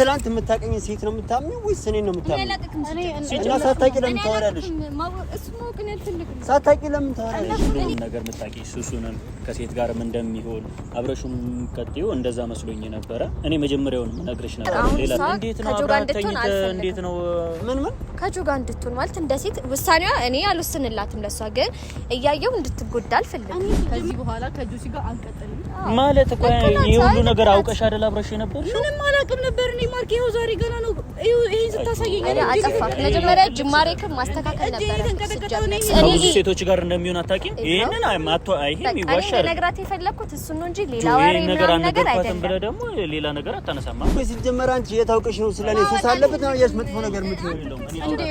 ትላንት የምታቀኝ ሴት ነው የምታምኝ ወይስ እኔን ነው የምታምኚው? እና ሳታቂ ለምን ታወራለሽ? ሳታቂ ለምን ታወራለሽ? ነገር የምታውቂ ሱሱንም ከሴት ጋርም እንደሚሆን አብረሹም ቀጥዩ እንደዛ መስሎኝ ነበረ። እኔ መጀመሪያውን ነግሬሽ ነበር። ሌላ እንዴት ነው እንዴት ነው ምን ምን ከጁ ጋር እንድትሆን ማለት እንደ ሴት ውሳኔዋ እኔ አልወስንላትም። ለሷ ግን እያየው እንድትጎዳ አልፈልግም። ከዚህ በኋላ ከጁሲ ሲጋ አንቀጥልም ማለት እኮ ይሄ ሁሉ ነገር አውቀሽ አይደል አብረሽ የነበርሽ? ምንም አላውቅም ነበር እኔ ማርክ ይኸው ዛሬ ገና ነው። ይሄን ስታሳየኝ አጠፋ። መጀመሪያ ጅማሬክም ማስተካከል ነበረ። ብዙ ሴቶች ጋር እንደሚሆን አታውቂም። ይሄንን አቶ አይሄም ይዋሻል። ነግራት የፈለኩት እሱ ነው እንጂ ሌላ ወሬ ነገር አይደለም ብለህ ደግሞ ሌላ ነገር አታነሳማ። ሲጀመር አንቺ የታውቀሽ ነው ስለኔ ሱስ አለበት ነው ያስ መጥፎ ነገር የምትሆነው እንዴ?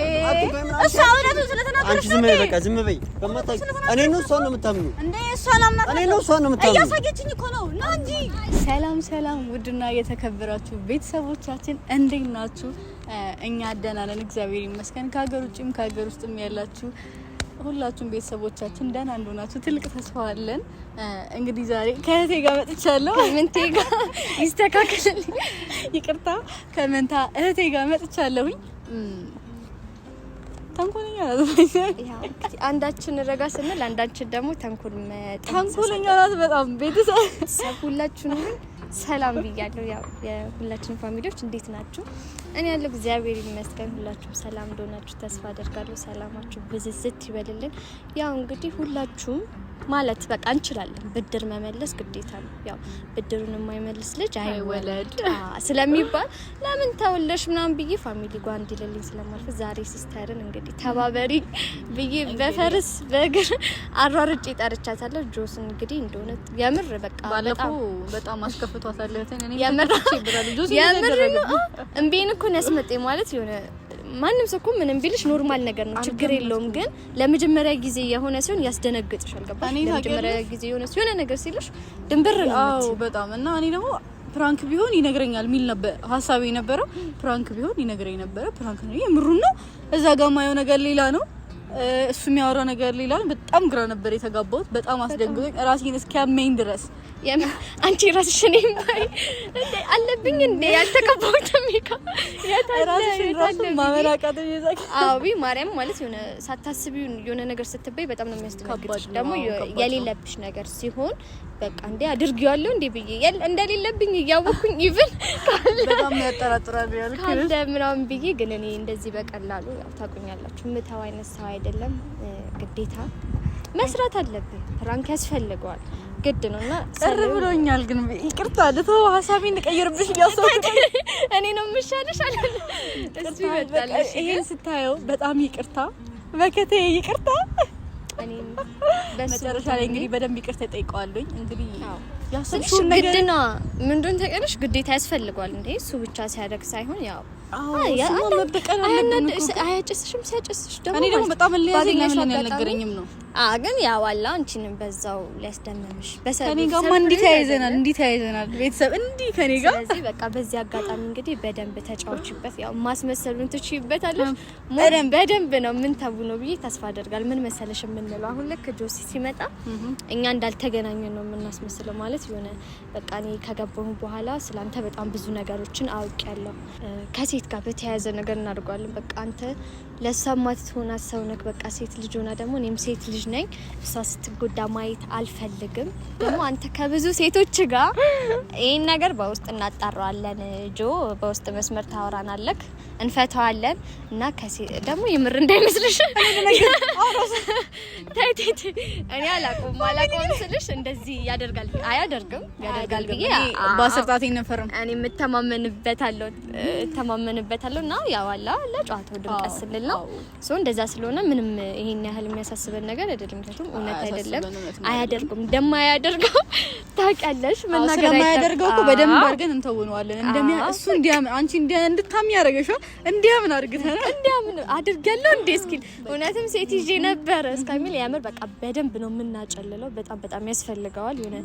እሱ አውራቱ ስለተናገረ አንቺ ዝም በቃ ዝም በይ። በማታውቂ እኔ ነው እሷን ነው የምታምኑ እንዴ? እሷን አምናት እኔ ነው እሷን ነው የምታምኑ። እያሳየችኝ እኮ ነው። ና እንጂ። ሰላም ሰላም፣ ውድና የተከበራችሁ ቤተሰቦች ቤተሰቦቻችን እንዴት ናችሁ? እኛ ደህና ነን፣ እግዚአብሔር ይመስገን። ከሀገር ውጭም ከሀገር ውስጥም ያላችሁ ሁላችሁም ቤተሰቦቻችን ደህና እንደሆናችሁ ትልቅ ተስፋ አለን። እንግዲህ ዛሬ ከእህቴ ጋር መጥቻለሁ። ከምንቴ ጋር ይስተካከል፣ ይቅርታ፣ ከመንታ እህቴ ጋር መጥቻለሁኝ። ተንኮለኛ ናት። አንዳችን ረጋ ስንል አንዳችን ደግሞ ተንኮል ተንኮለኛ ናት። በጣም ቤተሰብ ሁላችሁ ሁላችሁንም ሰላም ብያለሁ። የሁላችን ፋሚሊዎች እንዴት ናችሁ? እኔ ያለው እግዚአብሔር ይመስገን። ሁላችሁም ሰላም እንደሆናችሁ ተስፋ አደርጋለሁ። ሰላማችሁ ብዝዝት ይበልልን። ያው እንግዲህ ሁላችሁም ማለት በቃ እንችላለን። ብድር መመለስ ግዴታ ነው። ያው ብድሩን የማይመልስ ልጅ አይወለድ ስለሚባል ለምን ተወለሽ ምናምን ብዬ ፋሚሊ ጓ እንዲልልኝ ስለማልፍ ዛሬ ሲስተርን እንግዲህ ተባበሪ ብዬ በፈርስ በእግር አሯርጬ ጠርቻታለሁ። ጆስ እንግዲህ እንደሆነ የምር በቃ ባለፈው በጣም አስከፍቷታል። እኔ የምር ነው እምቤን እኮ ነው ያስመጣኝ ማለት የሆነ ማንም ሰው እኮ ምንም ቢልሽ ኖርማል ነገር ነው፣ ችግር የለውም። ግን ለመጀመሪያ ጊዜ የሆነ ሲሆን ያስደነግጥሻል። ገባሽ? ለመጀመሪያ ጊዜ የሆነ ሲሆን ነገር ሲልሽ ድንብር ነው። አዎ በጣም እና እኔ ደግሞ ፕራንክ ቢሆን ይነግረኛል ሚል ነበር ሀሳቤ የነበረው። ፕራንክ ቢሆን ይነግረኝ ነበረ። ፕራንክ ነው የምሩን ነው። እዛ ጋማ የሆነ ነገር ሌላ ነው እሱ የሚያወራው ነገር ሌላ በጣም ግራ ነበር የተጋባሁት። በጣም አስደንግጦኝ ራሴን እስኪያመኝ ድረስ አንቺ ራስሽ እኔ አለብኝ እንዴ ያልተቀባሁት ሚካ ራስሽን ራሱ ማመላቃት አቢ ማርያም ማለት የሆነ ሳታስቢ የሆነ ነገር ስትበይ በጣም ነው የሚያስደነግጥሽ። ደግሞ የሌለብሽ ነገር ሲሆን በቃ እንዴ አድርጊዋለሁ እንዴ ብዬ እንደሌለብኝ እያወኩኝ ኢቭን በጣም ያጠራጥራል ያልክ ካለ ምናምን ብዬ ግን እኔ እንደዚህ በቀላሉ ያው ታቁኛላችሁ፣ ምተው አይነት ሰው አይደለም። ግዴታ መስራት አለብህ። ፕራንክ ያስፈልገዋል ግድ ነው እና ቅር ብሎኛል። ግን ይቅርታ ልቶ ሀሳቢ እንቀይርብሽ እያሰብኩ እኔ ነው የምሻልሽ አለ እሱ ይበጣል። ይሄን ስታየው በጣም ይቅርታ በከቴ ይቅርታ። መጨረሻ ላይ እንግዲህ በደንብ ይቅርታ ይጠይቀዋለኝ እንግዲህ ያሰብሽው ነገር ግድና ምንድን ተቀረሽ ግዴታ ያስፈልጓል እንዴ? እሱ ብቻ ሲያደርግ ሳይሆን ያው አያጨስሽም ሲያጨስሽ ደግሞ በጣም ለያዘኝ ለምን ነው። ግን ያው አላ አንቺንም በዛው ሊያስደምምሽ ከኔ ጋርማ እንዲህ ተያይዘናል፣ እንዲህ ተያይዘናል ቤተሰብ እንዲህ ከኔ ጋር። ስለዚህ በቃ በዚህ አጋጣሚ እንግዲህ በደንብ ተጫዎችበት፣ ያው ማስመሰሉን ትችይበታለሽ። በደንብ ነው ምን ተቡ ነው ብዬ ተስፋ አደርጋለሁ። ምን መሰለሽ የምንለው አሁን ልክ ጆሲ ሲመጣ እኛ እንዳልተገናኘን ነው የምናስመስለው ማለት ማለት የሆነ በቃ እኔ ከገባሁ በኋላ ስለአንተ በጣም ብዙ ነገሮችን አውቅ ያለው ከሴት ጋር በተያያዘ ነገር እናደርጓለን። በቃ አንተ ለሰማት ሆና ሰው ነክ በቃ ሴት ልጅ ሆና ደግሞ እኔም ሴት ልጅ ነኝ። እሷ ስትጎዳ ማየት አልፈልግም። ደግሞ አንተ ከብዙ ሴቶች ጋር ይህን ነገር በውስጥ እናጣራዋለን። ጆ በውስጥ መስመር ታወራን አለክ እንፈተዋለን እና ደግሞ የምር እንዳይመስልሽ እኔ አላቆም አላቆም ስልሽ እንደዚህ ያደርጋል አያ አያደርግም ያደርጋል ብዬ በአስርጣት ይነፈርም እኔ የምተማመንበታለሁ እተማመንበታለሁ እና ያው አላ ለጨዋታው ድምቀት ስልል ነው ሶ እንደዛ ስለሆነ ምንም ይሄን ያህል የሚያሳስበን ነገር አይደለም። ምክንያቱም እውነት አይደለም አያደርግም እንደማያደርገው ታውቂያለሽ። መናገር ስለማያደርገው እኮ በደንብ አድርገን እንተውነዋለን። እንደሚያ እሱ እንዲያም አንቺ እንዲያ እንድታም ያደረገሽ እንዲያምን አድርገን እንዲያምን አድርጋለሁ እንዴ እስኪል እውነትም ሴት ይዤ ነበር እስከሚል ያምር በቃ በደንብ ነው የምናጨልለው። በጣም በጣም ያስፈልገዋል የሆነ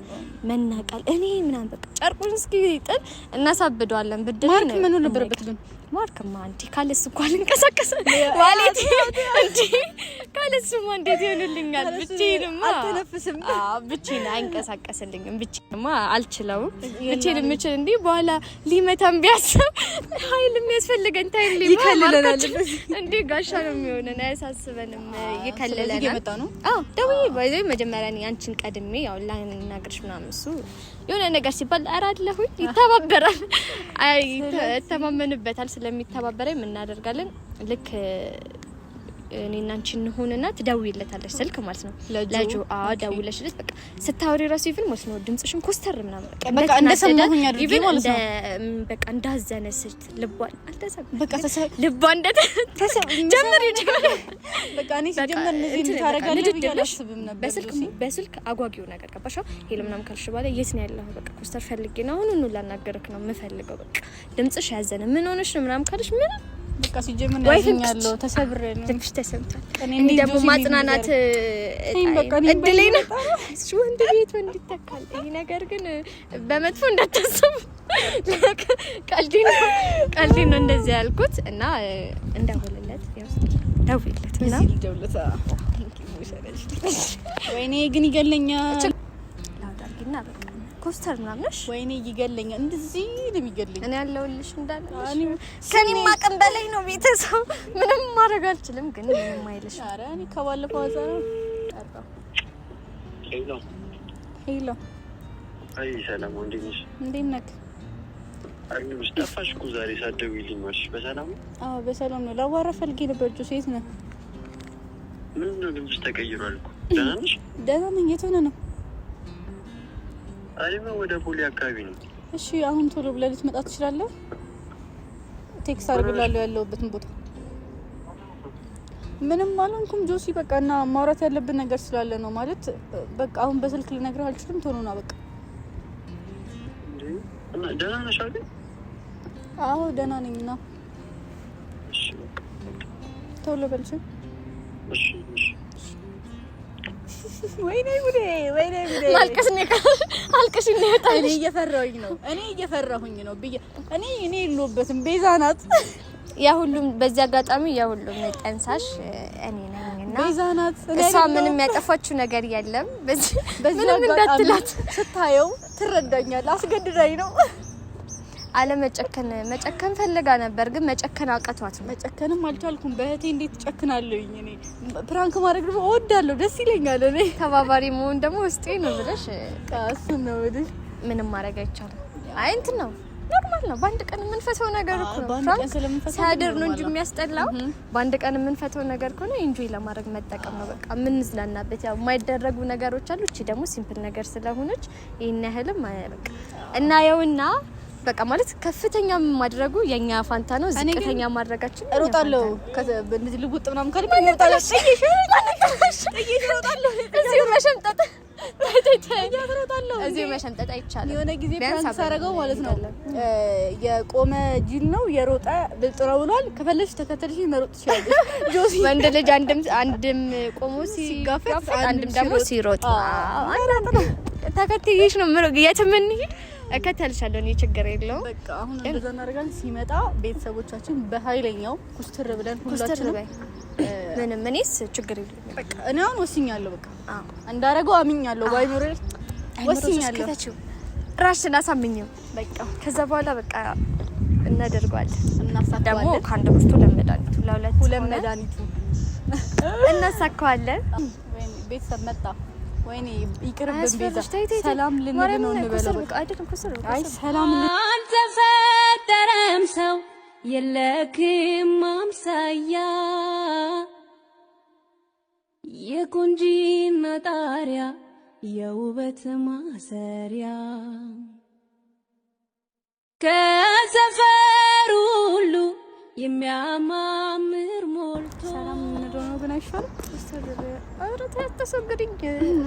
መናቀል እኔ ምናምን በቃ ጨርቁን እስኪ ጥል እናሳብደዋለን። ብድር ምኑ ነበረበት ግን ማርክማ እንዲ ካለስ እኮ አልንቀሳቀስ ዋሌት እንዲ ካለስማ እንዴት ይሆንልኛል? ብቻዬንማ አልተነፍስም። ብቻዬን አይንቀሳቀስልኝም። ብቻዬንማ አልችለውም። ብቻዬን የምችል እንዲ በኋላ ሊመታም ቢያስብ ኃይል የሚያስፈልገን ታይም ሊከልለናል። እንዲ ጋሻ ነው የሚሆነን፣ አያሳስበንም፣ ይከልለናል። ደውዬ ባይዘ መጀመሪያ አንቺን ቀድሜ ያው ላናግርሽ ምናምን እሱ የሆነ ነገር ሲባል ኧረ አለሁኝ ይተባበራል፣ ተማመንበታል። ስለሚተባበረ እናደርጋለን ልክ እኔና አንቺ እንሆንና ትደውይለታለሽ ስልክ ማለት ነው። ለጆ አዎ ደውለሽለት በቃ ስታወሪ ራሱ ይፍን ማለት ነው ድምጽሽን ኮስተር ምናምን በቃ በቃ እንደሰማሁኝ አድርጊ ማለት ነው። በቃ እንዳዘነ ስልት ልቧን አልተሰብ በቃ ተሰብ ልቧን እንደ ተሰብ ጀምር ይጀምር በቃ እኔ ሲጀምር እንደዚህ ታረጋለህ ብዬ አላስብም ነበር። በስልክ በስልክ አጓጊው ነገር ገባሽ ሄሎ ምናምን ካልሽ በኋላ የት ነው ያለኸው? በቃ ኮስተር ፈልጌ ነው አሁን ላናገርክ ነው የምፈልገው። በቃ ድምጽሽ ያዘነ ምን ሆነሽ ነው ምናምን ካልሽ ምንም በቃ ሲጀምር ያዝኛለሁ፣ ተሰብሬ ነው። ትንሽ ተሰምቷል። እኔ ደግሞ ማጽናናት እድሌ ነው። እሱ ወንድ ቤቱ ይህ ነገር ግን በመጥፎ እንዳታስቡ። ቀልድ ነው፣ ቀልድ ነው እንደዚህ ያልኩት እና እንደውልለት ደውልለት እና ወይኔ ግን ይገለኛል ላውጣ አድርጊና በቃ ኮስተር ምናምን ነሽ። ወይኔ ይገለኛል፣ እንደዚህ ነው የሚገለኝ። እኔ ያለውልሽ እንዳለ ከኔ አቅም በላይ ነው። ቤተሰብ ምንም ማድረግ አልችልም፣ ግን ምንም አይልሽ። አረ እኔ ከባለፈው አዛ ነው። ሄሎ ሄሎ። አይ ሰላም፣ እንዴት ነሽ? እንዴት ነህ? አሉሽ ጠፋሽ እኮ ዛሬ ሳትደውይልኝ ማልሽ። በሰላም አዎ፣ በሰላም ነው። ላዋራ ፈልጌ ነበር። እጁ ሴት ነህ? ምንድን ነው ልብስ ተቀይሯል እኮ። ደህና ነሽ? ደህና ነኝ። የት ሆነህ ነው አይመ ወደ ቦሌ አካባቢ ነው። እሺ አሁን ቶሎ ብለህ ልትመጣ ትችላለህ? ቴክስት አድርግላለሁ ያለሁበትን ቦታ። ምንም አልሆንኩም ጆሲ። በቃ እና ማውራት ያለብን ነገር ስላለ ነው ማለት በቃ አሁን በስልክ ልነግርህ አልችልም። ቶሎ ና በቃ። ደህና ነሽ? አዎ ደህና ነኝ። ና ቶሎ በልሽ። ወይኔ ጉዴ! ወይኔ ጉዴ! ማልቀስ ነው አልቅሽ እና እኔ እየፈራሁኝ ነው እኔ እየፈራሁኝ ነው ብዬ እኔ እኔ የለሁበትም ቤዛ ናት። ያ ሁሉም በዚህ አጋጣሚ ያ ሁሉም ጠንሳሽ እኔ ነኝና ቤዛ ናት። እሷ ምንም ያጠፋችው ነገር የለም። በዚህ ምንም እንዳትላት ስታየው ትረዳኛል። አስገድዳኝ ነው አለመጨከን መጨከን ፈልጋ ነበር፣ ግን መጨከን አቀቷት። መጨከንም አልቻልኩም። በእህቴ እንዴት ጨክናለኝ? እኔ ፕራንክ ማድረግ ደግሞ እወዳለሁ፣ ደስ ይለኛል። እኔ ተባባሪ መሆን ደግሞ ውስጤ ነው ብለሽ ቃስ ነው ብለሽ ምንም ማድረግ አይቻልም። አይ እንትን ነው ኖርማል ነው። በአንድ ቀን የምንፈተው ነገር እኮ ነው። ሲያድር ነው እንጂ የሚያስጠላው በአንድ ቀን የምንፈተው ነገር እኮ ነው። ኢንጆይ ለማድረግ መጠቀም ነው። በቃ የምንዝናናበት ያው የማይደረጉ ነገሮች አሉ። እቺ ደግሞ ሲምፕል ነገር ስለሆነች ይህን ያህልም እና የውና በቃ ማለት ከፍተኛ ማድረጉ የኛ ፋንታ ነው። ዝቅተኛ ማድረጋችን ሩጣለሁ። እንደዚህ ልውጥ ምናምን ካልኩ እሮጣለሁ። እዚሁ መሸምጠጥ እዚሁ መሸምጠጥ አይቻልም። የሆነ ጊዜ ፕራንክ ሳደርገው ማለት ነው የቆመ ጅል ነው የሮጠ ብጥረ ብሏል። ከፈለሽ ተከተልሽ መሮጥ ትችላለሽ። ወንድ ልጅ አንድም ቆሞ ሲጋፈጥ አንድም ደግሞ ሲሮጥ ተከትዬሽ ነው የምሮጥ የትም እንሂድ እከተልሻለሁ። እኔ ችግር የለውም። በቃ አሁን እንደዛ እናደርጋለን። ሲመጣ ቤተሰቦቻችን በኃይለኛው ኩስትር ብለን ሁላችንም ምንም እኔስ ችግር የለውም። በቃ እኔ አሁን ወስኛለሁ። በቃ እንዳረገው አምኛለሁ። ባይኖር ወስኛለሁ። ራሽን አሳምኝም። በቃ ከዛ በኋላ በቃ እናደርገዋለን። ደግሞ ከአንድ ብርቱ ለመድኃኒቱ ለሁለት ለመድኃኒቱ እናሳካዋለን። ቤተሰብ መጣ ወይኔ ይቅርብ። ሰላም ሰው የለክም ማምሳያ የቁንጂና ጣሪያ የውበት ማሰሪያ ከሰፈሩ ሁሉ የሚያማምር ሞልቶ ሰላም ነው ግን አይሻልም? ኧረ ሰላም ነው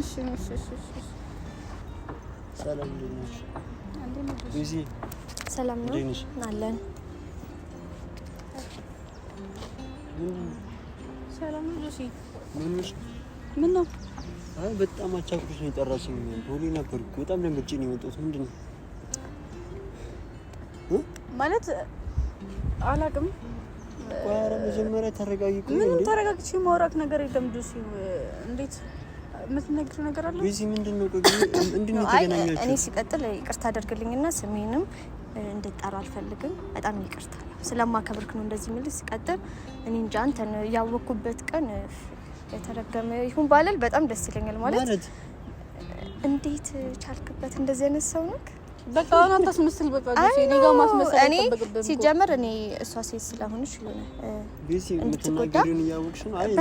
አለን። ሰላም ምን ነው? አይ በጣም አቻኩሽ ነው የጠራሽኝ። ቶሎ ነበርኩ በጣም ደንግጬ ነው የመጣሁት። ምንድን ነው ማለት አላቅም። ኧረ መጀመሪያ ተረጋጊ። ምንም ተረጋግቼ ማውራት ነገር የለም። ዱሲ እንዴት የምትነግሪው ነገር አለ? ቢዚ ምንድን ነው? እንዴት ነው እኔ ሲቀጥል ይቅርታ አደርግልኝና ስሜንም እንድጠራ አልፈልግም። በጣም ይቅርታ ስለማከብርክ ነው እንደዚህ የምልህ። ሲቀጥል እኔ እንጃ አንተን ያወኩበት ቀን የተረገመ ይሁን ባለል በጣም ደስ ይለኛል። ማለት እንዴት ቻልክበት? እንደዚህ አይነት ሰው ነህ በቃ አንተ አስመስል። በቃ እኔ ጋር ማስመሰል አይጠበቅብህም። ሲጀመር እኔ እሷ ሴት ስለሆነች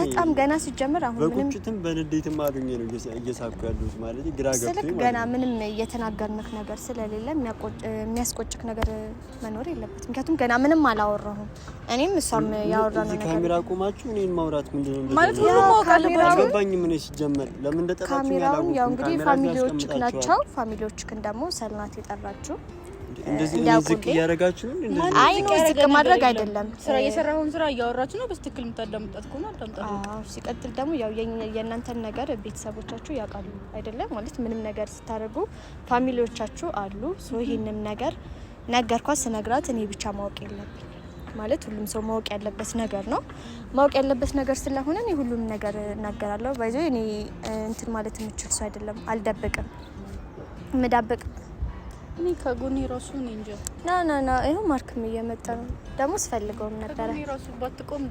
በጣም ገና ሲጀመር አሁን ምንም በቁጭትም በንዴትም አገኘ ነው እየሳኩ ያሉት ማለት ግራ ገብቶኝ ገና ምንም እየተናገርንክ ነገር ስለሌለ የሚያስቆጭክ ነገር መኖር የለበትም። ምክንያቱም ገና ምንም አላወራሁም። እኔም እሷም ያወራነው ነገር ካሜራ ቆማችሁ እኔን ማውራት ምንድን ነው ማለት ሁሉ ማወቅ አለበት። አልገባኝም ሲጀመር ለምን እንደጠራችሁ ካሜራውን ያው እንግዲህ ፋሚሊዎችክ ናቸው። ፋሚሊዎችክን ደግሞ ሰልናት ይጣ እየሰራችሁ እንደዚህ ዝቅ እያደረጋችሁ አይ ነው ዝቅ ማድረግ አይደለም። ስራ እየሰራሁን ስራ እያወራችሁ ነው። በስትክክል የምታዳምጣት ከሆነ አዳምጣ። ሲቀጥል ደግሞ ያው የእናንተን ነገር ቤተሰቦቻችሁ ያውቃሉ አይደለም ማለት ምንም ነገር ስታደርጉ ፋሚሊዎቻችሁ አሉ። ሶ ይህንም ነገር ነገርኳት። ስነግራት እኔ ብቻ ማወቅ የለብኝ ማለት ሁሉም ሰው ማወቅ ያለበት ነገር ነው። ማወቅ ያለበት ነገር ስለሆነ እኔ ሁሉም ነገር እናገራለሁ። ባይዞ እኔ እንትን ማለት የምችል ሰው አይደለም። አልደብቅም ምዳብቅ እኔ ከጎኔ ራሱ እኔ እንጃ ና ና ና፣ ይኸው ማርክም እየመጣ ነው። ደግሞ ስፈልገውም ነበረ።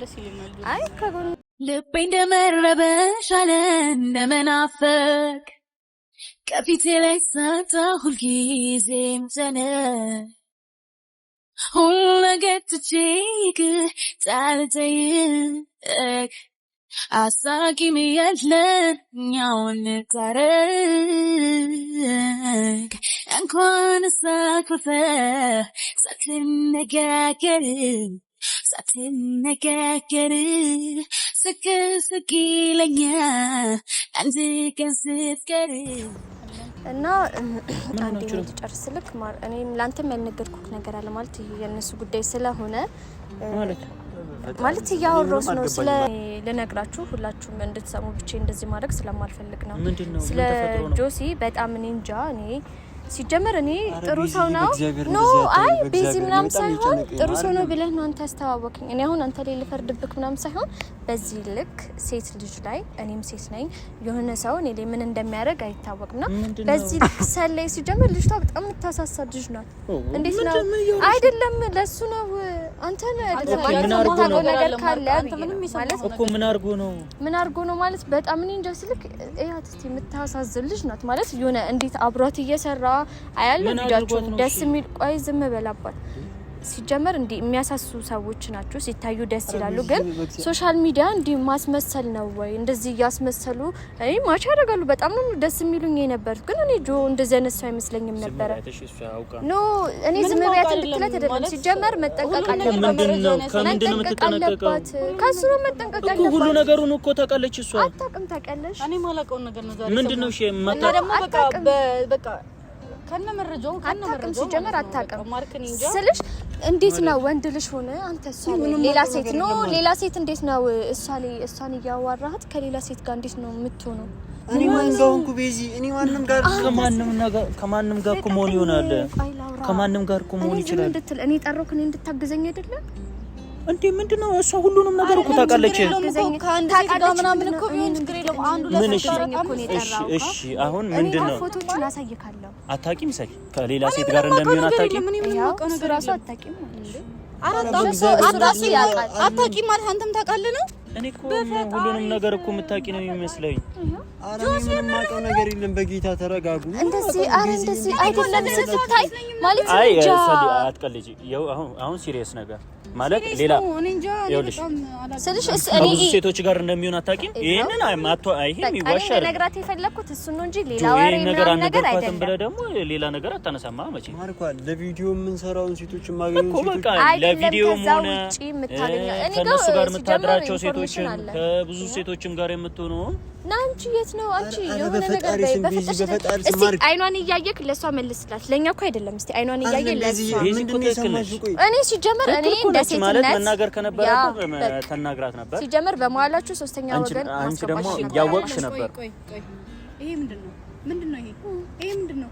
ደስ ይለኛል። አይ ከጎኔ ልቤ እንደመረበሽ አለ እንደመናፈቅ ከፊቴ ላይ ሳታ ሁልጊዜም ዘነግ ሁሉ ነገር ትቼ ግን ጣልተይቅ አሳቂም የለን እኛውን ታረግ እንኳን ሳክፈ ሳትነጋገር ሳትነጋገር ስቅስቅ ይለኛል አንድ ቀን ስትቀር እና አንደኛው ትጨርስ ልክ እኔም ለአንተም ያልነገርኩህ ነገር አለ ማለት የእነሱ ጉዳይ ስለሆነ ማለት ነው ማለት እያወሮስ ነው ስለ ልነግራችሁ ሁላችሁም እንድትሰሙ ብቻ እንደዚህ ማድረግ ስለማልፈልግ ነው። ስለ ጆሲ በጣም እኔ እንጃ እኔ ሲጀመር እኔ ጥሩ ሰው ነው ኖ አይ ቤዚ ምናም ሳይሆን ጥሩ ሰው ነው ብለህ ነው አንተ ያስተዋወቅኝ። እኔ አሁን አንተ ላይ ልፈርድብክ ምናም ሳይሆን በዚህ ልክ ሴት ልጅ ላይ እኔም ሴት ነኝ የሆነ ሰው እኔ ላይ ምን እንደሚያደርግ አይታወቅም። ና በዚህ ልክ ሰላይ ሲጀመር ልጅቷ በጣም የምታሳሳ ልጅ ናት። እንዴት ነው አይደለም ለሱ ነው አንተ ታውቀው ነገር ካለ ምን አድርጎ ነው ምን አድርጎ ነው ማለት በጣም እኔ እንጃ ስልክ ያት የምታሳዝን ልጅ ናት ማለት የሆነ እንዴት አብሯት እየሰራ አያለው ልጃቸውን ደስ የሚል ቆይ፣ ዝም በላባት። ሲጀመር እንዲህ የሚያሳሱ ሰዎች ናቸው፣ ሲታዩ ደስ ይላሉ። ግን ሶሻል ሚዲያ እንዲህ ማስመሰል ነው ወይ? እንደዚህ እያስመሰሉ እኔ ማች ያደርጋሉ። በጣም ነው ደስ የሚሉኝ የነበሩት። ግን እኔ ጆ እንደዚህ አይነት ሰው አይመስለኝም ነበረ። ኖ እኔ ዝም ብያት እንድትለት አይደለም። ሲጀመር መጠንቀቅ አለባት። ከሱ ነው መጠንቀቅ አለባት። ሁሉ ነገሩን እኮ ታውቃለች እሷ። አታውቅም፣ ታውቂያለሽ። እኔ ማላውቀውን ነገር ነው ዛሬ ምንድን ነው እሺ የማታውቅም። ደግሞ በቃ በቃ ከነመረጃው ከነመረጃው ሲጀመር አታውቅም ስልሽ እንዴት ነው ወንድ ልጅ ሆነ አንተ ሌላ ሴት ነው ሌላ ሴት እንዴት ነው እሷ እሷን እያዋራሃት ከሌላ ሴት ጋር እንዴት ነው የምትሆነው? እኔ ማን ቤዚ እኔ ማንም ጋር ከማንም ነገር ከማንም ጋር እኮ ይሆናል። ከማንም ጋር እኮ ይችላል እኔ ጠሮክ እኔ እንድታግዘኝ አይደለም እንዴ ምንድን ነው እሷ? ሁሉንም ነገር እኮ ታውቃለች። እሺ አሁን ምንድን ነው? አታውቂም ሰል ከሌላ ሴት ጋር እንደሚሆን አታውቂም። አንተም ታውቃለህ ነው። እኔ እኮ ሁሉንም ነገር እኮ የምታውቂ ነው የሚመስለኝ የማውቀው ሲሪየስ ነገር ማለት ሌላ ሴቶች ጋር እንደሚሆን አታውቂም። ይሄንን አቶ አይሄም ይዋሻል። ነግራት የፈለኩት እሱ ነው እንጂ ሌላ ነገር አይደለም ብለህ ደግሞ ሌላ ነገር አታነሳማ። መቼ ማርኳ ለቪዲዮ የምንሰራውን ሴቶች የማገኘው ሴቶች ለቪዲዮም ሆነ ከእነሱ ጋር የምታድራቸው ሴቶችን ከብዙ ሴቶችም ጋር የምትሆነውን ናንቺ የት ማለት ነው። አንቺ የሆነ ነገር በፈጣሪ አይኗን እያየክ ለእሷ መልስላት። ለእኛ እኮ አይደለም። እስቲ አይኗን እያየ እኔ ሲጀመር እኔ እንደ ሴትነት መናገር ከነበረ ተናግራት ነበር። ሲጀመር በመዋላችሁ ሶስተኛ ወገን አንቺ ደግሞ ያወቅሽ ነበር። ይሄ ምንድን ነው? ምንድን ነው ይሄ? ይሄ ምንድን ነው?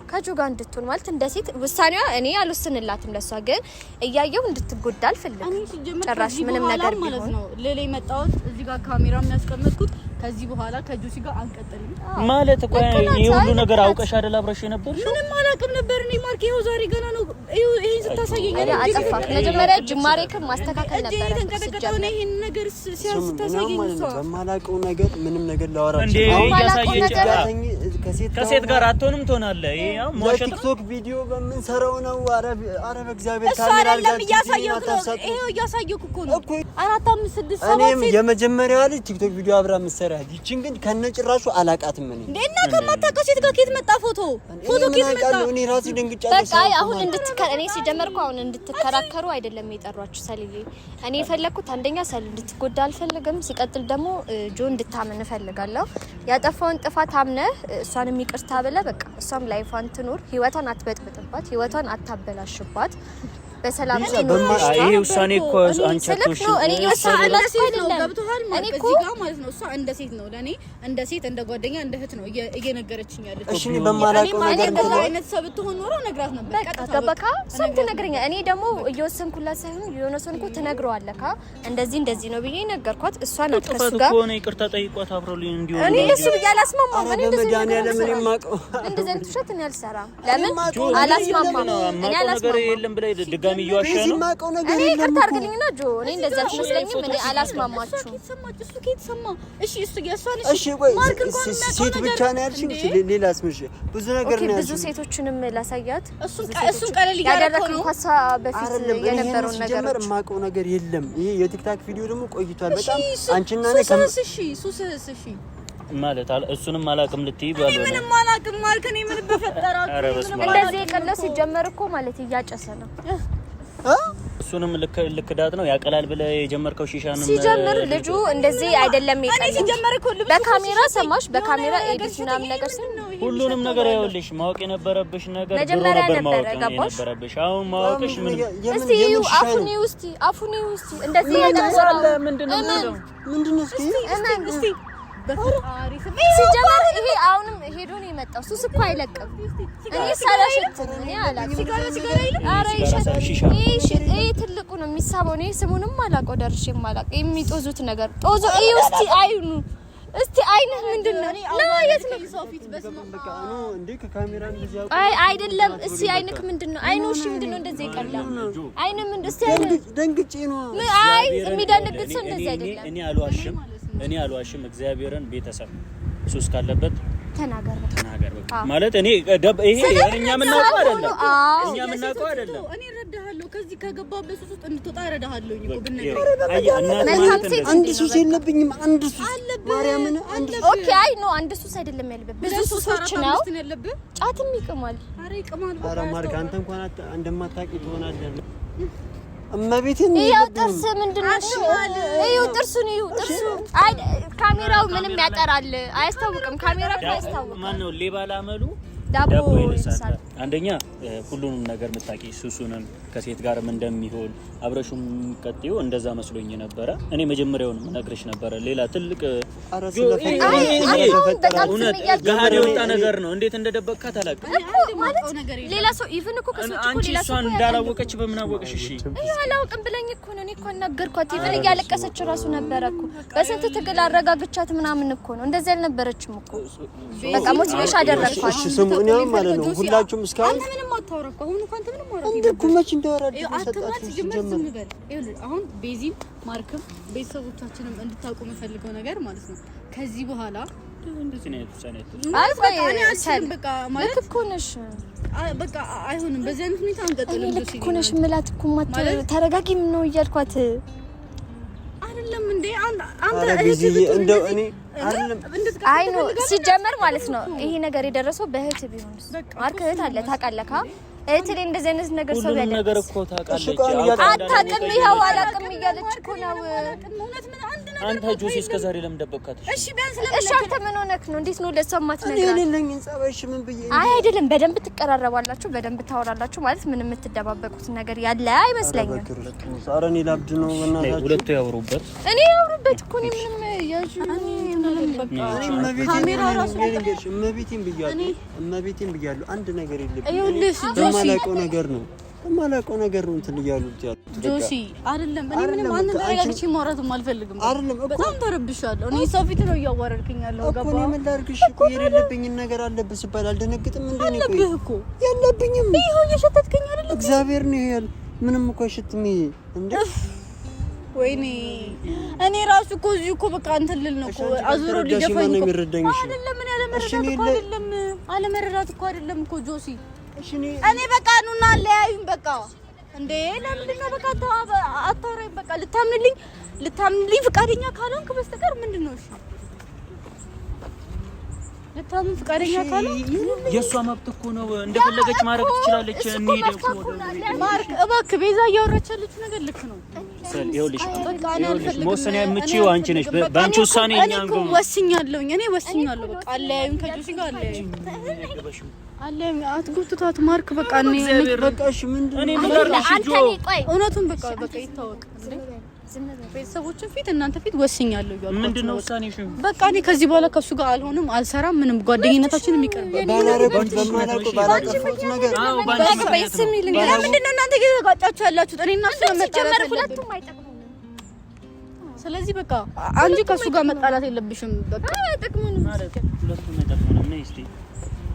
ከጁ ጋር እንድትሆን ማለት እንደ ሴት ውሳኔዋ እኔ አልወስንላትም። ለሷ ግን እያየው እንድትጎዳ አልፈልግም። ጭራሽ ምንም ነገር ማለት ነው ሌላ የመጣሁት እዚህ ጋር ካሜራ የሚያስቀመጥኩት ከዚህ በኋላ ከጆሲ ጋር አንቀጥልም ማለት እኮ ይሄ ሁሉ ነገር አውቀሽ አይደል አብረሽ ነበር? ምንም አላውቅም ነበር እኔ ማርክ ይኸው ዛሬ ገና ነው ይሄን ስታሳየኝ እኔ አጠፋ መጀመሪያ ጅማሬክም ማስተካከል ነበር እጄ ተንቀጠቀጠ ነው ይሄን ነገር ሲያስታሳየኝ ነው ማላውቀው ነገር ምንም ነገር ላወራ እንዴ እያሳየኝ ከሴት ጋር አትሆንም ትሆናለህ። ቲክቶክ ቪዲዮ በምንሰራው ነው። ኧረ በእግዚአብሔር ካሜራ እያሳየሁ እኮ ነው። አራት አምስት ስድስት ሰባት እኔም የመጀመሪያ ልጅ ቲክቶክ ቪዲዮ አብራ የምትሰራ ይችን ግን ከነጭራሹ አላቃትም። እኔ እና ከማታውቀው ሴት ጋር ከየት መጣ ፎቶ ፎቶ ከየት መጣ? እኔ ራሴ ደንግጫለሁ። በቃ አሁን እንድትከራ እኔ ሲጀመር አሁን እንድትከራከሩ አይደለም የጠሯችሁ ሰልዬ። እኔ የፈለኩት አንደኛ ሰል እንድትጎዳ አልፈልግም። ሲቀጥል ደግሞ ጆ እንድታምን እፈልጋለሁ። ያጠፋውን ጥፋት አምነህ እሷንም ይቅርታ ብለህ በቃ እሷም ላይፏን ትኑር፣ ህይወቷን አትበጥብጥባት፣ ህይወቷን አታበላሽባት። በሰላም ይሄ ውሳኔ እኮ አንቺ አትወሽ ነው። እኔ እንደ ሴት ነው ለኔ እንደ ሴት እንደ ጓደኛ እንደ እህት ነው እየነገረችኝ ያለችው። እሺ አይነት ሰው ብትሆን ኖሮ ነግራት ነበር። በቃ ሰው ትነግረኛለህ። እኔ ደግሞ እየወሰንኩላት ሳይሆን የሆነ ሰው እኮ ትነግረዋለህ። እንደዚህ እንደዚህ ነው ብዬ ነገርኳት። እሷ ናት ከሱ ጋር እኔ ይቅርታ ጠይቋት አብረው ሊሆን እንዲሆን እኔ እሱ ብዬ አላስማማም። እኔ እንደዚህ አይነት ውሸት እኔ አልሰራም። ለምን አላስማማም። እኔ አላስማማም እንደውም እየዋሸ ነው። እኔ ይቅርታ አድርግልኝና ጆ እኔ እንደዛ አልመስለኝም። እኔ አላስማማችሁም። እሺ ሴት ብቻ ነው ያልሽኝ? ሌላስ ብዙ ነገር ነው ያልሽኝ። ብዙ ሴቶችንም ላሳያት ቀለል ያደረግነው ሀሳብ በፊት የነበረውን ነገር የማውቀው ነገር የለም። ይሄ የቲክታክ ቪዲዮ ደግሞ ቆይቷል በጣም አንቺና ማለት አለ እሱንም አላውቅም ልትይ ባለ ነው። ምንም አላውቅም አልከኝ። ምን በፈጠራው እንደዚህ የቀለው ሲጀመር እኮ ማለት እያጨሰ ነው። እሱንም ልክዳት ነው ያቀላል ብለህ የጀመርከው ሺሻንም ሲጀምር ልጁ እንደዚህ አይደለም። በካሜራ ሰማሽ፣ በካሜራ ኤዲት ምናምን ነገር ሁሉንም ነገር ይኸውልሽ፣ ማወቅ የነበረብሽ ነገር መጀመሪያ ነበረ። ገባሽ? አሁን ማወቅሽ ምን እስቲ አፉኒ ውስጥ አፉኒ ውስጥ እንደዚህ ምንድን ነው ምንድን ነው ሲጀመር ይሄ አሁንም ሄዶ ነው የመጣው። ሱስ እኮ አይለቅም። እኔ ሳላሸት ትልቁ ነው የሚሳበው። እኔ ስሙንም አላውቀው ደርሼ የማላውቅ የሚጦዙት ነገር ጦዞ ይሄ አይኑ እስቲ አይንህ ምንድን ነው? ለማየት ነው አይ አይደለም። እስቲ አይንክ ምንድነው? አይኑ እሺ፣ ምንድነው እንደዚህ ይቀላል? አይን ምን እስቲ ደንግጬ ነው። አይ የሚደነግጥ ሰው እንደዚህ አይደለም። እኔ አልዋሽም፣ እኔ አልዋሽም። እግዚአብሔርን ቤተሰብ ሱስ ካለበት ተናገር ተናገር ማለት እኔ ደብ ይሄ እኛ የምናውቀው አይደለም፣ እኛ የምናውቀው አይደለም። እኔ እረዳሃለሁ፣ ከዚህ ከገባበት ሱስ ውስጥ እንድትወጣ እረዳሃለሁ። እኮ ብነግርህ አንድ ሱስ የለብኝም። አንድ ሱስ ማርያምን፣ አንድ ኦኬ። አይ ኖ አንድ ሱስ አይደለም ያለብህ፣ ብዙ ሱሶች ነው። ጫትም ይቅማል፣ ኧረ ይቅማል። ኧረ ማርክ አንተ እንኳን እንደማታውቂ ትሆናለህ። እመቤቴን ይኸው ጥርስ ምንድን ነው? ይኸው ጥርሱን ይኸው ጥርሱ አይ ካሜራው ምንም ያጠራል፣ አያስታውቅም። ካሜራው አያስታውቅም። ማነው ሌባ ላመሉ ዳቦ ይልሳል። አንደኛ ሁሉንም ነገር ምታቂ ሱሱንም ከሴት ጋርም እንደሚሆን አብረሹም ቀጥዩ እንደዛ መስሎኝ ነበረ። እኔ መጀመሪያውንም ነግረሽ ነበረ። ሌላ ትልቅ እውነት ገሀድ የወጣ ነገር ነው። እንዴት እንደደበቅካት አላውቅም። አንቺ እሷን እንዳላወቀች በምን አወቅሽ? እሺ አላውቅም ብለኝ እኮ ነው። እኔ እኮ ነገርኳት። ኢቭን እያለቀሰች ራሱ ነበረ እኮ በስንት ትግል አረጋግቻት ምናምን እኮ ነው። እንደዚህ አልነበረችም እኮ በቃ ሞቲቬሽን አደረግኳት። ማለት ነው ሁላችሁም እስካሁን አንተ ምንም አታወራ እኮ አሁን እንኳን ቤዚም ማርክም ቤተሰቦቻችንም እንድታውቁ የምፈልገው ነገር ማለት ነው ከዚህ በኋላ በቃ ተረጋጊ። ነው እያልኳት አይደለም እንዴ አንተ እኔ አይ ኖ ሲጀመር ማለት ነው ይሄ ነገር የደረሰው በእህት ቢሆን ማርክ እህት አለ ታውቃለህ። እህት ላይ እንደዚህ አይነት ነገር ሰው ያለ ነገር እኮ ታውቃለች። አታውቅም። ይኸው አላውቅም እያለች እኮ ነው። አንተ ጆሲ እስከ ዛሬ ለምን ደበቅካት? እሺ ቢያንስ ለምን እሺ፣ አንተ ምን ሆነክ ነው? እንዴት ነው ለሷ የማትነግራት? አይ አይደለም፣ በደንብ ትቀራረባላችሁ፣ በደንብ ታወራላችሁ። ማለት ምን የምትደባበቁት ነገር ያለ አይመስለኝም። ሳረን ይላብድ ነው ወና ሁለቱ ያወሩበት እኔ ያወሩበት እኮ ነው ምንም ያዥ እመቤቴን ብያለሁ። አንድ ነገር የለብኝም። በማላውቀው ነገር ነው በማላውቀው ነገር ነው እንትን እያሉት ጆሲ አይደለም። እኔ ምንም አንተ ተረጋግቼ ማውራትም አልፈልግም። አይደለም በጣም ተረብሻለሁ። እኔ ሰው ፊት ነው እያዋረድክኝ ያለው። ገባ እኮ ምን ላድርግሽ? እኮ የሌለብኝን ነገር አለብህ ስባል አልደነግጥም እንዴ? ነው አለብህ እኮ ያለብኝም። ይሄው እየሸተትከኝ አይደለም። እግዚአብሔር ነው ይሄ። ምንም እኮ አይሸትም ይሄ እንዴ ወይኔ እኔ ራሱ እኮ እዚሁ እኮ በቃ እንትን ልል ነው እኮ አዙሮ ሊደፋኝ እኮ አይደለም። እኔ አለመረዳት እኮ አይደለም፣ አለመረዳት እኮ አይደለም እኮ ጆሲ። እኔ በቃ ኑና ለያዩኝ በቃ እንዴ! ለምንድን ነው በቃ አታወራኝ በቃ። ልታምንልኝ ልታምንልኝ ፍቃደኛ ካልሆንክ በስተቀር ምንድን ነው እሺ? ልታምን ፍቃደኛ ካልሆንክ የእሷ መብት እኮ ነው፣ እንደፈለገች ማድረግ ትችላለች። እንሂድ እኮ ማርክ፣ እባክህ ቤዛ እያወራች ያለችው ነገር ልክ ነው። ይኸውልሽ መወሰን የምችይው አንቺ ነሽ። በአንቺ ውሳኔ ወስኛለሁ፣ እኔ ወስኛለሁ። በቃ አለያዩን ከጆሲ ጋር አለያዩን አለም አትጎትቷት ማርክ በቃ እኔ በቃ እሺ ምንድን ነው እውነቱን በቃ በቃ ይታወቅ ቤተሰቦችን ፊት እናንተ ፊት ወስኛለሁ እያልኩ ምንድን ነው ውሳኔሽ? በቃ እኔ ከዚህ በኋላ ከሱ ጋር አልሆንም፣ አልሰራም፣ ምንም ጓደኝነታችን የሚቀርብ ምንድን ነው እናንተ ተጋጫችሁ ያላችሁት? መጣላት ሁለቱም በቃ አንቺ ከሱ ጋር መጣላት የለብሽም። በቃ አይጠቅሙንም።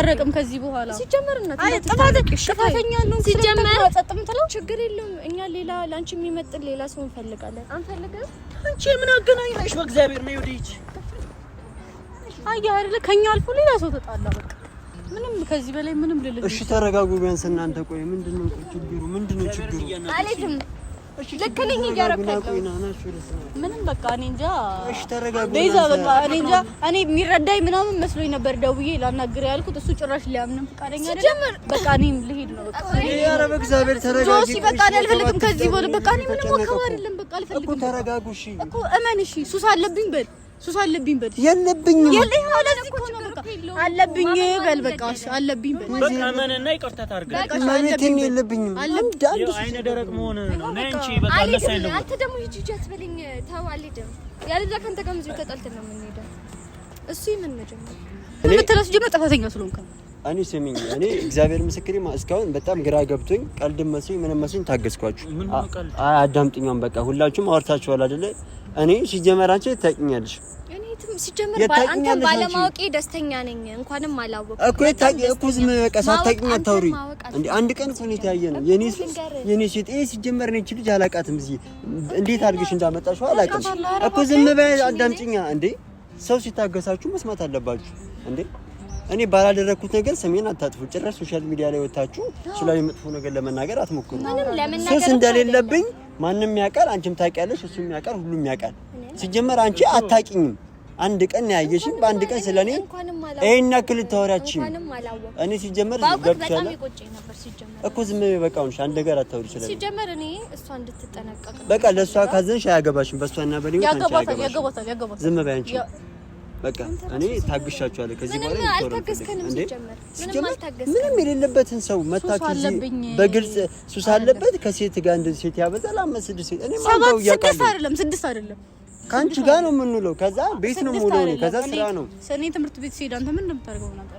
አንታረቅም ከዚህ በኋላ ሲጀመር። እናት አይ ችግር የለም እኛ ሌላ ላንቺ የሚመጥን ሌላ ሰው እንፈልጋለን። አንፈልገም። አንቺ ምን አገናኝሽ? በእግዚአብሔር ነው ይወዲች። አይ አይደለ ከኛ አልፎ ሌላ ሰው ተጣላ። በቃ ምንም ከዚህ በላይ ምንም ልልህ። እሺ ተረጋጉ ቢያንስ እናንተ። ቆይ ምንድነው ችግሩ? ምንድነው ችግሩ? ልክ ነኝ እያደረኩ ምንም በቃ እኔ እንጃ በቃ እኔ እንጃ እኔ የሚረዳኝ ምናምን መስሎኝ ነበር ደውዬ ላናግር ያልኩት እሱ ጭራሽ ሊያምንም ፈቃደኛ አይደለም። በቃ ልሄድ ነው በቃ እኔ ምንም አይደለም በቃ አልፈልግም እኮ እመን እሺ ሱስ አለብኝ በል ሱስ አለብኝ በል የለብኝ አለብኝ በል በቃ አለብኝ በል የለብኝም ነው። ነው እኔ ስሚኝ፣ እኔ እግዚአብሔር ምስክሬ እስካሁን በጣም ግራ ገብቶኝ መስሎኝ ምንም መስሎኝ ታገዝኳችሁ። አዳምጥኛም በቃ ሁላችሁም አይደለ እኔ ሲጀመራቸው ታውቂኛለሽ ደስተኛ ነኝ። እንኳንም አላወቅኩም አንድ ቀን እኮ ነው የተያየነው። የኔ ሱስ የኔ ይሄ ሲጀመር አላውቃትም። እዚህ እንዴት አድርገሽ እንዳመጣሽው አላውቅም እኮ። ዝም በይ አዳምጪኛ። እንዴ ሰው ሲታገሳችሁ መስማት አለባችሁ እንዴ! እኔ ባላደረግኩት ነገር ስሜን አታጥፉ። ጭራሽ ሶሻል ሚዲያ ላይ ወጣችሁ ስለ መጥፎ ነገር ለመናገር አትሞክሩ። ሱስ እንደሌለብኝ ማንም ያውቃል፣ አንቺም ታውቂያለሽ፣ እሱም ያውቃል፣ ሁሉም ያውቃል። ሲጀመር አንቺ አታውቂኝም። አንድ ቀን ያየሽኝ በአንድ ቀን ስለኔ ይሄን ያክል ታወራችኝ። እኔ ሲጀመር ገብቻለሁ እኮ ዝም ብዬ በቃ ሁንሽ አንድ ነገር አታውሪ ስለኔ። ሲጀመር እኔ እሷ እንድትጠነቀቅ በቃ ለእሷ ካዘንሽ አያገባሽም። በእሷና በሌላ ያገባታል፣ ያገባታል። ዝም በይ አንቺ በቃ እኔ ታግሻችኋለሁ። ከዚህ በኋላ ምንም የሌለበትን ሰው መታችሁ በግልጽ ሱስ አለበት ከሴት ጋር እንደዚህ ሴት ያበዛል። አምስት ስድስት ሴት እኔ ማን ስድስት አይደለም ስድስት አይደለም ከአንቺ ጋር ነው የምንውለው። ከዛ ቤት ነው የምውለው። ከዛ ስራ ነው እኔ ትምህርት ቤት ስሄድ አንተ ምን እንደምታደርገው ነበር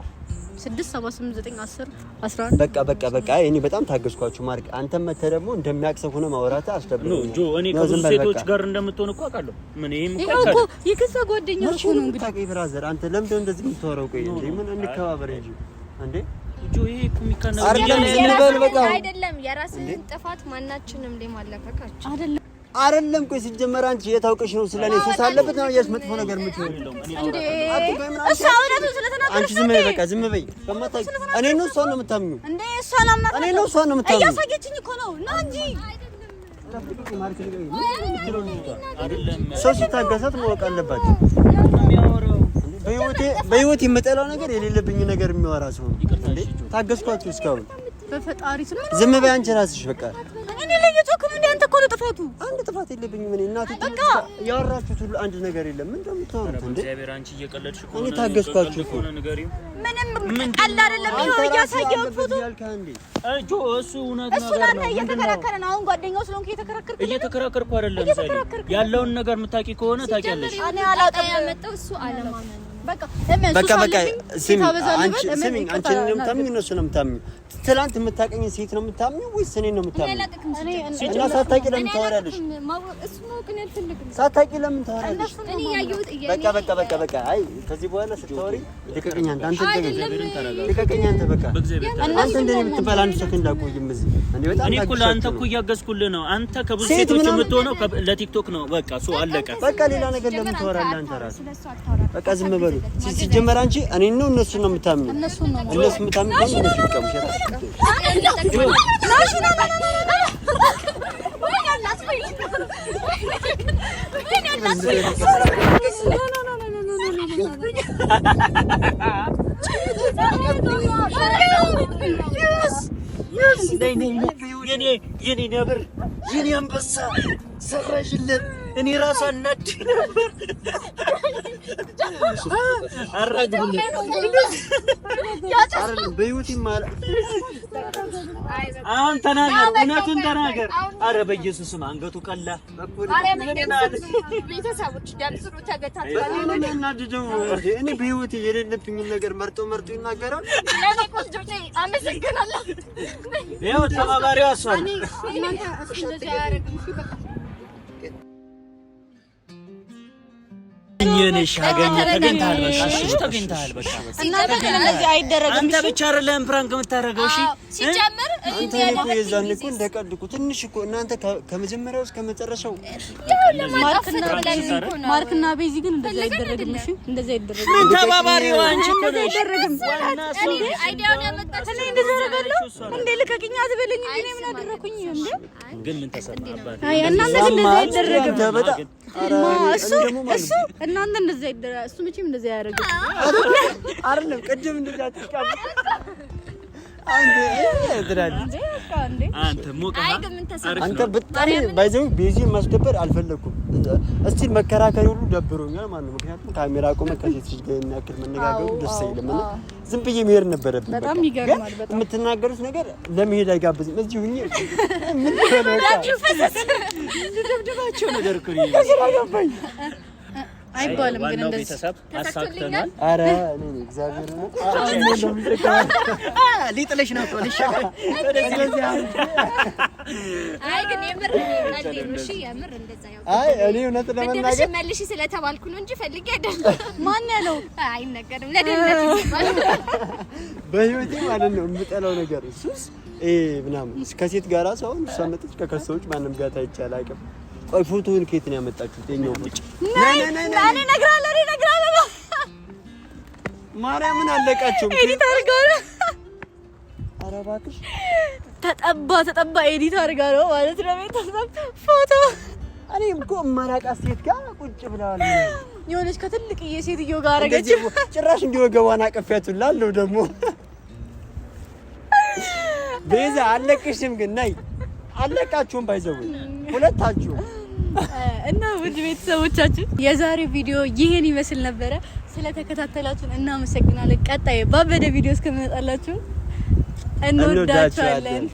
በቃ በቃ በቃ እኔ በጣም ታገዝኳችሁ። ማርክ አንተ መተ ደግሞ እንደሚያቅሰብ ሆነ ማውራት አስደብሮ ነው እኔ ከብዙ ሴቶች ጋር እንደምትሆን እኮ አውቃለሁ። ምን ይሄም እኮ የገዛ ጓደኛው እኮ ነው። እንግዲህ ብራዘር አንተ ለምንድን እንደዚህ የምታወራው? ቆይ እንዴ ምን እንከባበር እንጂ እንዴ አይደለም የራስህን ጥፋት ማናችንም ላይ ማለፈቃችሁ አይደለም አይደለም። ቆይ ሲጀመር አንቺ የታውቀሽ ነው ስለኔ ሱስ አለበት ነው ያሽ መጥፎ ነገር ምን እንዴ? እሷ አንቺ ዝም በቃ ዝም በይ። እኔ ነው እሷን ነው እንዴ? አምናት እኔ ነው ነው እኮ ነው ነው ማወቅ አለባቸው። በህይወቴ የምጠላው ነገር የሌለብኝ ነገር የሚያወራ ሰው ታገስኳችሁ እስካሁን ዝም በይ አንቺ እራስሽ በቃ እኔ ላይ የጮክም እንደ አንተ እኮ ነው ጥፋቱ። አንድ ጥፋት የለብኝም እኔ እናቴ። በቃ ያወራችሁት ሁሉ አንድ ነገር የለም። ምን እንደምታወሩት እንዴ? አንቺ እየቀለድሽ እኮ እኔ ታገዝኳችሁ እኮ ምንም ቀላል አይደለም። ይኸው እያሳየሁት ፎቶ እጆ እሱ እውነት ነገር ነው። እየተከራከረ ነው አሁን ጓደኛው ስለሆንክ እየተከራከርክ እየተከራከርኩ አይደለም። ያለውን ነገር የምታውቂ ከሆነ ታውቂያለሽ። እኔ አላውቅም ያመጣው እሱ አለማመን በቃ በቃ በቃ ስሚ አንቺ ስሚ አንቺ ነው የምታምኚው እነሱ ነው የምታምኚው ትላንት የምታቀኝ ሴት ነው የምታምኝ ወይስ እኔ ነው የምታምኚው? እና ሳታቂ ለምን ታወራለሽ? ሳታቂ ለምን ታወራለሽ? በቃ በቃ በቃ በቃ። አይ ከዚህ በኋላ ስታወሪ ልቀቀኝ። አንተ አንተ አንተ በቃ አንተ እንደ እኔ ብትባል አንድ ሰከንድ አቆይም እዚህ። እኔ እኮ ለአንተ እኮ እያገዝኩልህ ነው። አንተ ከብዙ ሴቶች የምትሆነው ለቲክቶክ ነው። በቃ እሱ አለቀ። በቃ ሌላ ነገር ለምን ታወራለህ? አንተ ራስህ በቃ ዝም በሉ። ሲጀመር አንቺ እኔን ነው እነሱን ነው የምታምኝ? እነሱን ነው እነሱ የምታምኚው የኔ ነብር የኔ አንበሳ ሰራሽለት። እኔ ራሱ አናድ ነበር። አሁን ተናገር፣ እውነቱን ተናገር። አረ በኢየሱስም አንገቱ ቀላ። እኔ በህይወት የሌለብኝን ነገር መርጦ መርጦ ይናገራል። ተባባሪዋ እሷ የኔሽ ተገኝተሃል። በቃ አንተ ብቻ አይደለም ፕራንክ የምታደርገው። እሺ ሲጀምር አንተ እኮ የዛን እኮ እኮ ትንሽ እኮ እናንተ ከመጀመሪያው እስከ መጨረሻው ማርክና ቤዚ ግን እንደዚህ አይደረግም። እሺ እንደዚህ አይደረግም። ምን ተባባሪው አንቺ እኮ ነሽ። እንደ ልቀቅኝ አትበለኝ። እኔ ምን አደረኩኝ እንዴ? ግን ምን ተሰማ አባቴ? አይደረግም። እሱ እሱ እናንተ እንደዚህ አይደረ እሱ መቼም እንደዚህ አያደርግም። አይደለም ቅድም እንደዚህ አትሽቃ አንተ በጣም ባይዘው ቤዚ ማስደበር አልፈለኩም። እስቲ መከራከሪ ሁሉ ደብሮኛል ማለት ነው። ምክንያቱም ካሜራ ቆመ ከሴት ልጅ ጋር የሚያክል መነጋገሩ ደስ አይልም እና ዝም ብዬ መሄድ ነበረብኝ። በጣም ይገርማል። በጣም የምትናገሩት ነገር ለመሄድ አይጋብዝም። እዚህ ሁኚ ምን ነገር እኮ አይባልም ግን እንደዚህ ቤተሰብ አሳክተናል። አረ እኔ እግዚአብሔር ነው ሊጥለሽ ነው። አይ ግን የምር አይ እኔ እውነት ለመናገር መልሽ ስለተባልኩ ነው እንጂ ፈልጌ አይደለም። ማን ያለው አይነገርም። ለደህንነት በህይወቴ ማለት ነው የምጠላው ነገር እሱስ ምናምን ከሴት ጋራ ሰውን ሰመጥች ከከሰዎች ማንም ጋር ታይቼ አላውቅም። ቆይ ፎቶውን ከየት ነው ያመጣችሁት? የኛው ቁጭ ነይ እኔ እነግርሃለሁ፣ እኔ እነግርሃለሁ። ማርያምን አለቃቸው ኤዲት አድርገው ነው። ኧረ እባክሽ ተጠባ ተጠባ ኤዲት አድርጋ ነው ማለት ነው። ቤተሰብ ፎቶ እኔ እኮ የማላውቃት ሴት ጋር ቁጭ ብለዋል። የሆነች ከትልቅዬ ሴትዮ ጋር አደረገች። ጭራሽ እንዲህ ወገቧን አቅፌያት ሁላ ደግሞ ቤዛ አለቅሽም ግን ነይ አለቃችሁም ባይዘው ሁለታችሁ እና ውድ ቤተሰቦቻችን የዛሬ ቪዲዮ ይህን ይመስል ነበረ። ስለተከታተላችሁን እናመሰግናለን። ቀጣይ ባበደ ቪዲዮ እስከመጣላችሁ እንወዳችኋለን።